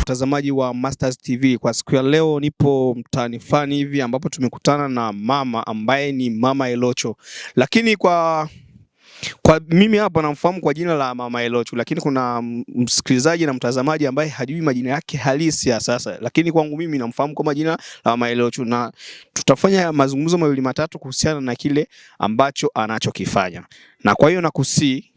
Mtazamaji wa Mastaz TV, kwa siku ya leo nipo mtaani fulani hivi ambapo tumekutana na mama ambaye ni Mama Elocho, lakini kwa kwa mimi hapa namfahamu kwa jina la Mama Elocho, lakini kuna msikilizaji na mtazamaji ambaye hajui majina yake halisi ya sasa, lakini kwangu mimi namfahamu kama jina la Mama Elocho, na tutafanya mazungumzo mawili matatu kuhusiana na kile ambacho anachokifanya, na kwa hiyo nakusii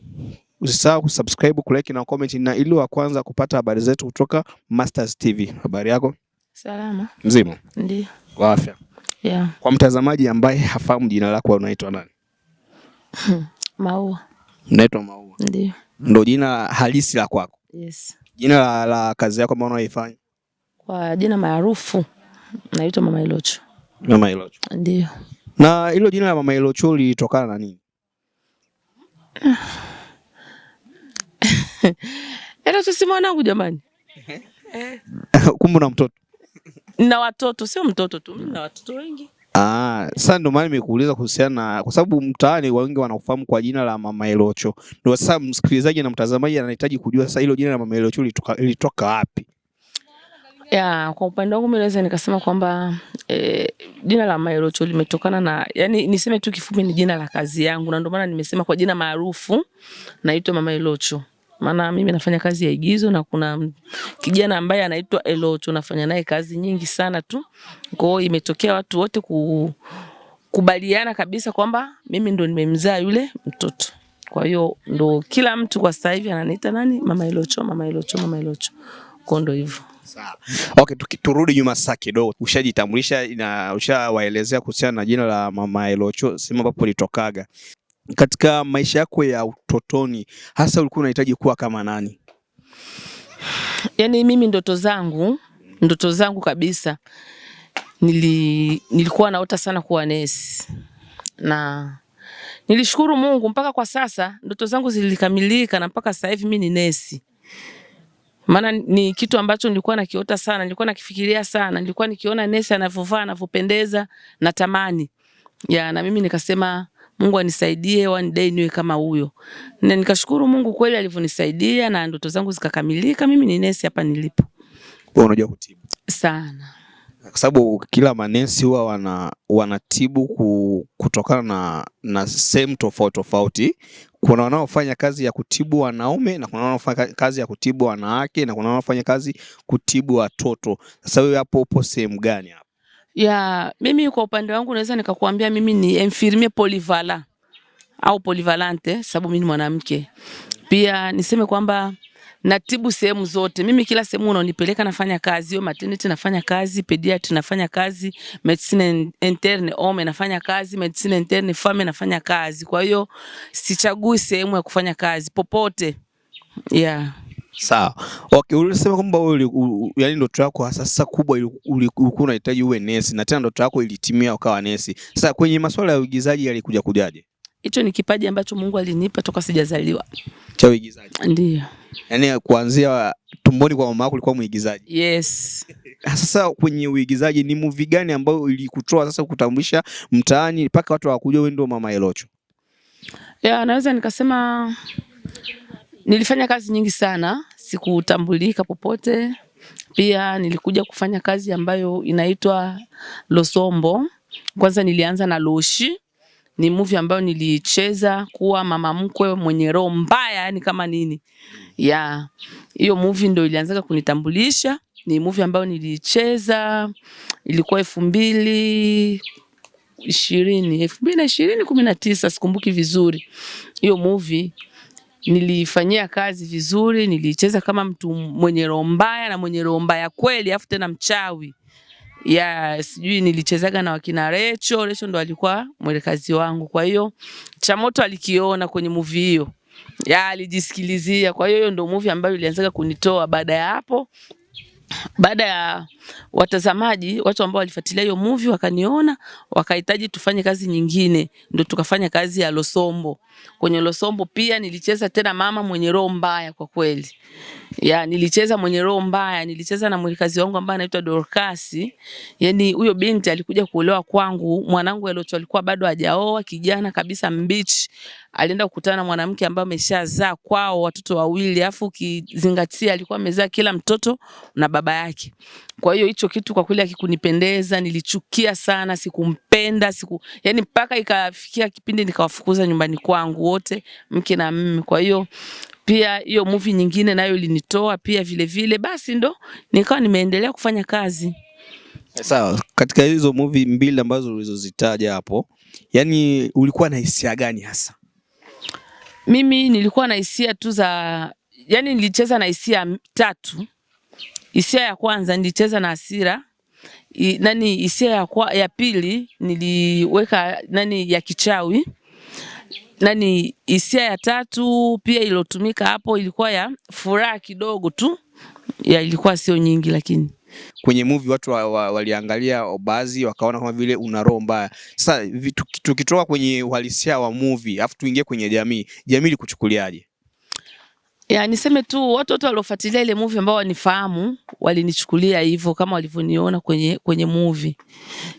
Usisahau kusubscribe, kulike na comment na ili wa kwanza kupata habari zetu kutoka Mastaz TV. Habari yako? Salama. Mzima? Ndio. Kwa afya? Yeah. Kwa mtazamaji ambaye hafahamu jina lako unaitwa nani? Hmm. Maua. Unaitwa Maua? Ndio. Ndio jina halisi la kwako? Yes. Jina la, la kazi yako ambayo unaifanya? Kwa jina maarufu naitwa Mama Ilocho. Mama Ilocho. Ndio. Na hilo jina la Mama Ilocho lilitokana na nini? Ah. Ela yaani si mwanangu jamani. Kumbe na mtoto na watoto, sio mtoto tu, na watoto wengi. Ah, sasa ndio maana nimekuuliza kuhusiana kwa sababu mtaani wengi wanaofahamu kwa jina la Mama Elocho. Ndio sasa msikilizaji na mtazamaji anahitaji kujua sasa hilo jina la Mama Elocho lilitoka wapi? Ya, kwa upande wangu mimi naweza nikasema kwamba eh, jina la Mama Elocho limetokana na yani, niseme tu kifupi, ni jina la kazi yangu, na ndio maana nimesema kwa jina maarufu naitwa Mama Elocho maana mimi nafanya kazi ya igizo na kuna kijana ambaye anaitwa Elocho nafanya naye kazi nyingi sana tu. Kwa hiyo imetokea watu wote kukubaliana kabisa kwamba mimi ndo nimemzaa yule mtoto. Kwa hiyo ndo kila mtu kwa sasa hivi ananiita nani, mama Elocho, mama Elocho, mama Elocho. Kwa ndo hivyo. Sawa. Okay, turudi nyuma sasa kidogo. Ushajitambulisha na ushawaelezea kuhusiana na jina la mama Elocho, sema ambapo litokaga katika maisha yako ya utotoni hasa ulikuwa unahitaji kuwa kama nani? Yaani mimi ndoto zangu, ndoto zangu kabisa nili, nilikuwa naota sana kuwa nesi na nilishukuru Mungu mpaka kwa sasa ndoto zangu zilikamilika, na mpaka sasa hivi mimi ni nesi. Maana ni kitu ambacho nilikuwa nakiota sana, nilikuwa nakifikiria sana, nilikuwa nikiona nesi anavyovaa, anavyopendeza, tamani ya na mimi nikasema Mungu anisaidie one day niwe kama huyo. Na nikashukuru Mungu kweli alivyonisaidia na ndoto zangu zikakamilika. Mimi ni nesi hapa nilipo. Wewe unajua kutibu? Sana. Kwa sababu kila manesi huwa wana wanatibu kutokana na na sehemu tofauti tofauti. Kuna wanaofanya kazi ya kutibu wanaume na kuna wanaofanya kazi ya kutibu wanawake na kuna wanaofanya kazi kutibu watoto. Sasa wewe hapo upo sehemu gani hapo? ya mimi kwa upande wangu naweza nikakwambia mimi ni infirmier polyvalent au polyvalente, sababu mimi ni mwanamke pia. Niseme kwamba natibu sehemu zote mimi, kila sehemu unaonipeleka nafanya kazi hiyo. Maternity nafanya kazi, pediatry nafanya kazi, medicine interne ome nafanya kazi, medicine interne fame nafanya kazi. Kwa hiyo sichagui sehemu ya kufanya kazi popote, yeah. Sawa. Okay, ulisema kwamba wewe yaani ndoto yako hasa sasa kubwa ulikuwa unahitaji uwe nesi na tena ndoto yako ilitimia ukawa nesi. Sasa kwenye masuala ya uigizaji yalikuja kujaje? Hicho ni kipaji ambacho Mungu alinipa toka sijazaliwa. Cha uigizaji. Ndio. Yaani kuanzia tumboni kwa mama yako ulikuwa muigizaji. Yes. Ah, sasa kwenye uigizaji ni movie gani ambayo ilikutoa sasa kutambulisha mtaani mpaka watu wakujua wewe ndio Mama Elocho? Ya, naweza nikasema Nilifanya kazi nyingi sana, sikutambulika popote. Pia nilikuja kufanya kazi ambayo inaitwa Losombo. Kwanza nilianza na Loshi, ni movie ambayo nilicheza kuwa mama mkwe mwenye roho mbaya, yani kama nini ya hiyo movie ndio ilianza kunitambulisha. Ni movie ambayo nilicheza ilikuwa elfu mbili ishirini elfu mbili na ishirini kumi na tisa sikumbuki vizuri hiyo movie nilifanyia kazi vizuri, nilicheza kama mtu mwenye roho mbaya na mwenye roho mbaya kweli, afu tena mchawi ya sijui nilichezaga na wakina Recho. Recho ndo alikuwa mwelekazi wangu, kwa hiyo Chamoto alikiona kwenye movie hiyo, ya alijisikilizia. Kwa hiyo hiyo ndo movie ambayo ilianzaga kunitoa. Baada ya hapo baada ya watazamaji, watu ambao walifuatilia hiyo movie wakaniona, wakahitaji tufanye kazi nyingine, ndio tukafanya kazi ya Losombo. Kwenye Losombo pia nilicheza tena mama mwenye roho mbaya, kwa kweli ya nilicheza mwenye roho mbaya, nilicheza na mwelekazi wangu ambaye anaitwa Dorcas. Yani huyo binti alikuja kuolewa kwangu, mwanangu Eloto alikuwa bado hajaoa, kijana kabisa mbichi, alienda kukutana na mwanamke ambaye ameshazaa kwao watoto wawili, afu ukizingatia alikuwa amezaa kila mtoto na baba yake. Kwa hiyo hicho kitu kwa kweli hakikunipendeza, nilichukia sana, sikumpenda, siku yani mpaka ikafikia kipindi nikawafukuza nyumbani kwangu wote, mke na mume. Kwa hiyo pia hiyo movie nyingine nayo ilinitoa pia vile vile, basi ndo nikawa nimeendelea kufanya kazi. Sawa, katika hizo movie mbili ambazo ulizozitaja hapo, yani ulikuwa na hisia gani hasa? Mimi nilikuwa na hisia tu za yani, nilicheza na hisia tatu. Hisia ya kwanza nilicheza na hasira I, nani hisia ya, kwa, ya pili niliweka nani ya kichawi nani hisia ya tatu pia iliyotumika hapo ilikuwa ya furaha kidogo tu ya ilikuwa sio nyingi lakini kwenye movie watu wa, wa, waliangalia Obazi wakaona kama vile una roho mbaya. Sasa tukitoka kwenye uhalisia wa movie afu tuingie kwenye jamii, jamii ilikuchukuliaje? Ya, niseme tu watu wote waliofuatilia ile movie ambao wanifahamu walinichukulia hivyo kama walivyoniona kwenye kwenye movie.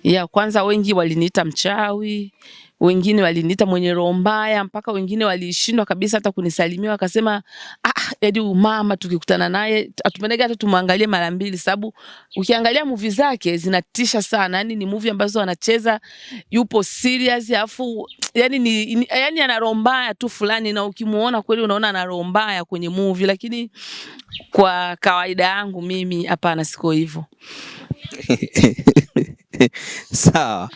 Ya kwanza wengi waliniita mchawi, wengine waliniita mwenye roho mbaya, mpaka wengine walishindwa kabisa hata kunisalimia wakasema, ah yaani umama tukikutana naye atupendege hata tumwangalie mara mbili, sababu ukiangalia muvi zake zinatisha sana. Yani ni muvi ambazo anacheza yupo serious, alafu yani ni yani ana roho mbaya tu fulani, na ukimuona kweli unaona ana roho mbaya kwenye muvi, lakini kwa kawaida yangu mimi hapana, siko hivyo Sawa.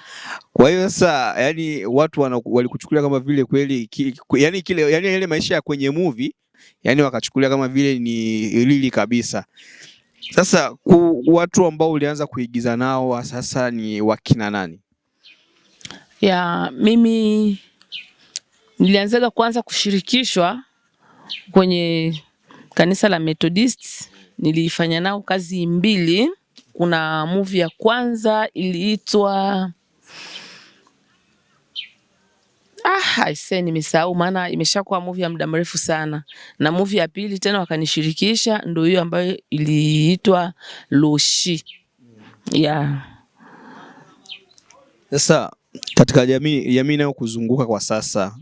Kwa hiyo sasa, yani watu walikuchukulia kama vile kweli ki, yani kile yani ile maisha ya kwenye movie yani wakachukulia kama vile ni lili kabisa. Sasa ku, watu ambao ulianza kuigiza nao sasa ni wakina nani? Ya mimi nilianzaga kwanza kushirikishwa kwenye kanisa la Methodist, nilifanya nao kazi mbili kuna movie ya kwanza iliitwa ah, aisee nimesahau, maana imeshakuwa movie ya muda mrefu sana, na movie ya pili tena wakanishirikisha, ndio hiyo ambayo iliitwa Loshi yeah. Sasa katika jamii jamii inayokuzunguka kwa sasa,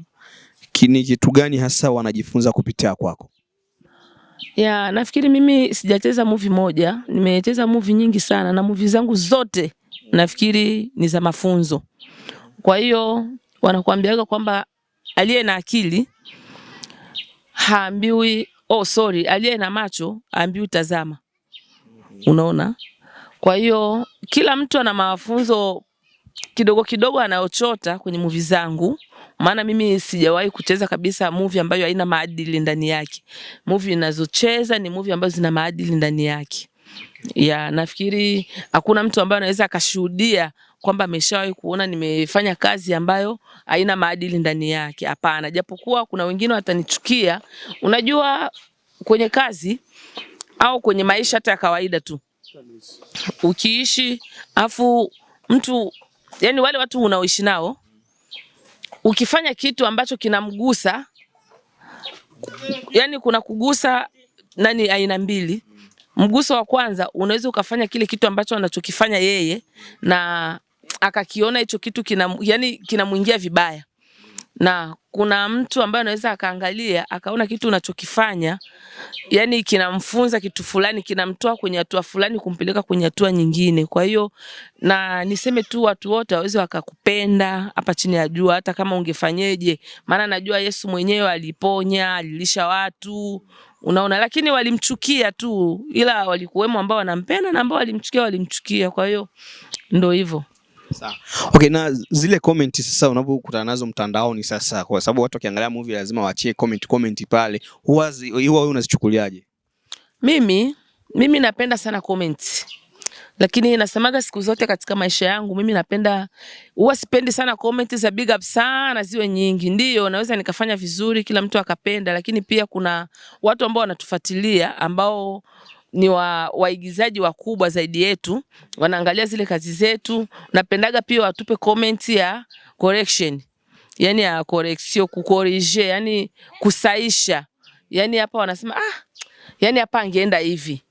ni kitu gani hasa wanajifunza kupitia kwako? ya nafikiri mimi sijacheza movie moja, nimecheza movie nyingi sana, na movie zangu zote nafikiri ni za mafunzo. Kwa hiyo wanakuambiaga kwamba aliye na akili haambiwi oh, sorry, aliye na macho haambiwi tazama. Unaona, kwa hiyo kila mtu ana mafunzo kidogo kidogo anayochota kwenye muvi zangu, maana mimi sijawahi kucheza kabisa muvi ambayo haina maadili ndani yake. Muvi inazocheza ni muvi ambazo zina maadili ndani yake. Ya, nafikiri hakuna mtu ambaye anaweza akashuhudia kwamba ameshawahi kuona nimefanya kazi ambayo haina maadili ndani yake. Hapana, japokuwa kuna wengine watanichukia. Unajua kwenye kazi au kwenye maisha hata ya kawaida tu, ukiishi afu mtu yani wale watu unaoishi nao, ukifanya kitu ambacho kinamgusa, yani kuna kugusa nani aina mbili. Mguso wa kwanza unaweza ukafanya kile kitu ambacho anachokifanya yeye na akakiona hicho kitu kina, yani kinamwingia vibaya na kuna mtu ambaye anaweza akaangalia akaona kitu unachokifanya yani kinamfunza kitu fulani, kinamtoa kwenye hatua fulani kumpeleka kwenye hatua nyingine. Kwa hiyo na niseme tu, watu wote waweze wakakupenda hapa chini ya jua, hata kama ungefanyeje, maana najua Yesu mwenyewe aliponya, alilisha watu, unaona. Lakini walimchukia tu, ila walikuwemo ambao wanampenda na ambao walimchukia, walimchukia. Kwa hiyo ndio hivyo. Okay, na zile comment sasa unapokutana nazo mtandaoni sasa, kwa sababu watu wakiangalia movie lazima waachie comment comment pale, huwa wewe unazichukuliaje? Mimi mimi napenda sana comment, lakini nasemaga siku zote katika maisha yangu mimi napenda, huwa sipendi sana comment za big up sana ziwe nyingi. Ndio naweza nikafanya vizuri, kila mtu akapenda, lakini pia kuna watu ambao wanatufuatilia ambao ni wa, waigizaji wakubwa zaidi yetu, wanaangalia zile kazi zetu. Napendaga pia watupe comment ya correction, yani ya correction, kukorije, yani kusaisha. Yani hapa wanasema ah, yani hapa angeenda hivi,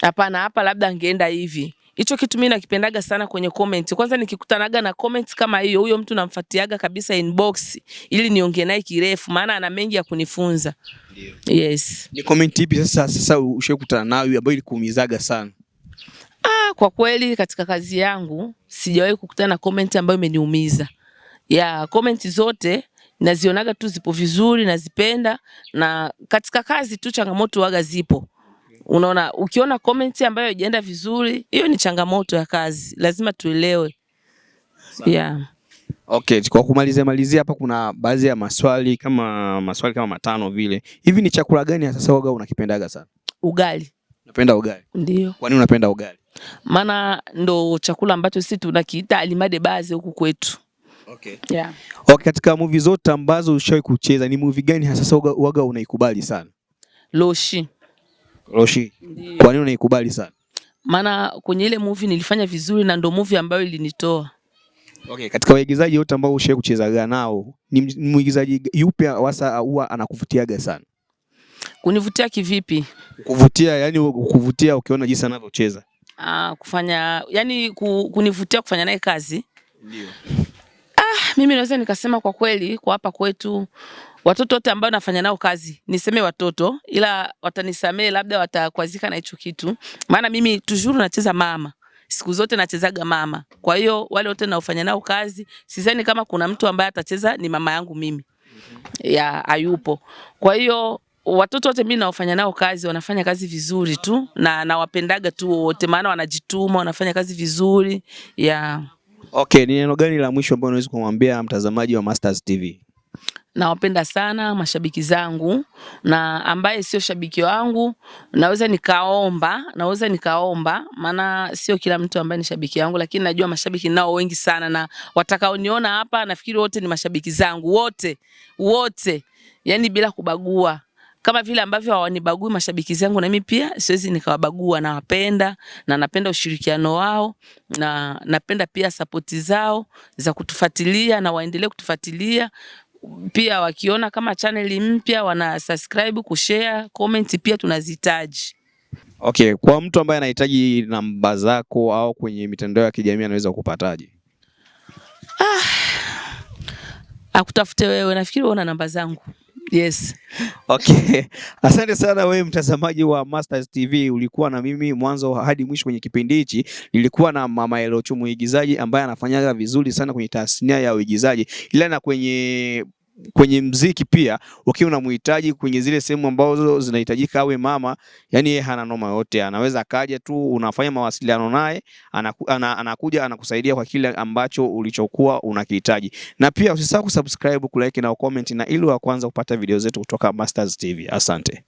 hapana, hapa labda angeenda hivi. Hicho kitu mimi nakipendaga sana kwenye comment. Kwanza nikikutanaga na comment kama hiyo, huyo mtu namfuatiaga kabisa inbox ili niongee naye kirefu, maana ana mengi ya kunifunza. Ndio. Yes. Ni comment ipi sasa sasa ushakutana nayo ambayo ilikuumizaga sana? Ah, kwa kweli katika kazi yangu sijawahi kukutana na comment ambayo imeniumiza. Ya, comment zote nazionaga tu zipo vizuri, nazipenda na katika kazi tu changamoto waga zipo. Unaona, ukiona comment ambayo haijaenda vizuri, hiyo ni changamoto ya kazi, lazima tuelewe. Yeah. Okay, kwa kumalizia malizia hapa kuna baadhi ya maswali kama maswali kama matano vile hivi. Ni chakula gani sasa waga unakipendaga sana? Ugali. Unapenda ugali? Ndio. Kwa nini unapenda ugali? Maana ndo chakula ambacho sisi tunakiita alimade baze huku kwetu. Okay. Yeah. Okay, katika movie zote ambazo ushawahi kucheza ni movie gani hasa sasa unaikubali sana? Loshi. Roshi, kwa nini unaikubali sana? Maana kwenye ile movie nilifanya vizuri na ndo movie ambayo ilinitoa. Okay, katika waigizaji wote ambao ushawahi kuchezaga nao ni mwigizaji yupi hasa huwa anakuvutiaga sana? Kunivutia kivipi? Kuvutia yani, kuvutia ukiona jinsi anavyocheza. Ah, kufanya yani kunivutia kufanya naye kazi. Ndio. Ah, mimi naweza nikasema kwa kweli kwa hapa kwetu watoto wote ambao nafanya nao kazi, niseme watoto, ila watanisamee, labda watakwazika na hicho kitu, maana mimi tujuru nacheza mama siku zote nachezaga mama. Kwa hiyo wale wote naofanya nao kazi, sidhani kama kuna mtu ambaye atacheza ni mama yangu mimi, ya hayupo. Kwa hiyo watoto wote mimi naofanya nao kazi wanafanya kazi vizuri tu na nawapendaga tu wote, maana wanajituma, wanafanya kazi vizuri ya. Okay, ni neno gani la mwisho ambalo unaweza kumwambia mtazamaji wa Mastaz TV? Nawapenda sana mashabiki zangu na ambaye sio shabiki wangu naweza nikaomba, naweza nikaomba maana sio kila mtu ambaye ni shabiki wangu, lakini najua mashabiki nao wengi sana, na watakaoniona hapa nafikiri wote ni mashabiki zangu wote wote, yani bila kubagua kama vile ambavyo hawanibagui mashabiki zangu, na mimi pia siwezi nikawabagua. Nawapenda na napenda ushirikiano wao na napenda pia sapoti zao za kutufuatilia, na waendelee kutufuatilia pia wakiona kama chaneli mpya wana subscribe, kushare, comment pia tunazihitaji. Okay, kwa mtu ambaye anahitaji namba zako au kwenye mitandao ya kijamii anaweza kupataje? Ah, akutafute wewe, nafikiri una namba zangu. Yes. Okay. Asante sana wewe mtazamaji wa Mastaz TV, ulikuwa na mimi mwanzo hadi mwisho kwenye kipindi hichi. Nilikuwa na Mama Elochu muigizaji ambaye anafanyaga vizuri sana kwenye tasnia ya uigizaji ila na kwenye kwenye mziki pia ukiwa unamhitaji kwenye zile sehemu ambazo zinahitajika awe mama, yani yeye hana noma yote, anaweza akaja tu, unafanya mawasiliano naye, anakuja anakusaidia kwa kile ambacho ulichokuwa unakihitaji. Na pia usisahau kusubscribe, kulike na comment, na ili wa kwanza kupata video zetu kutoka Mastaz TV. Asante.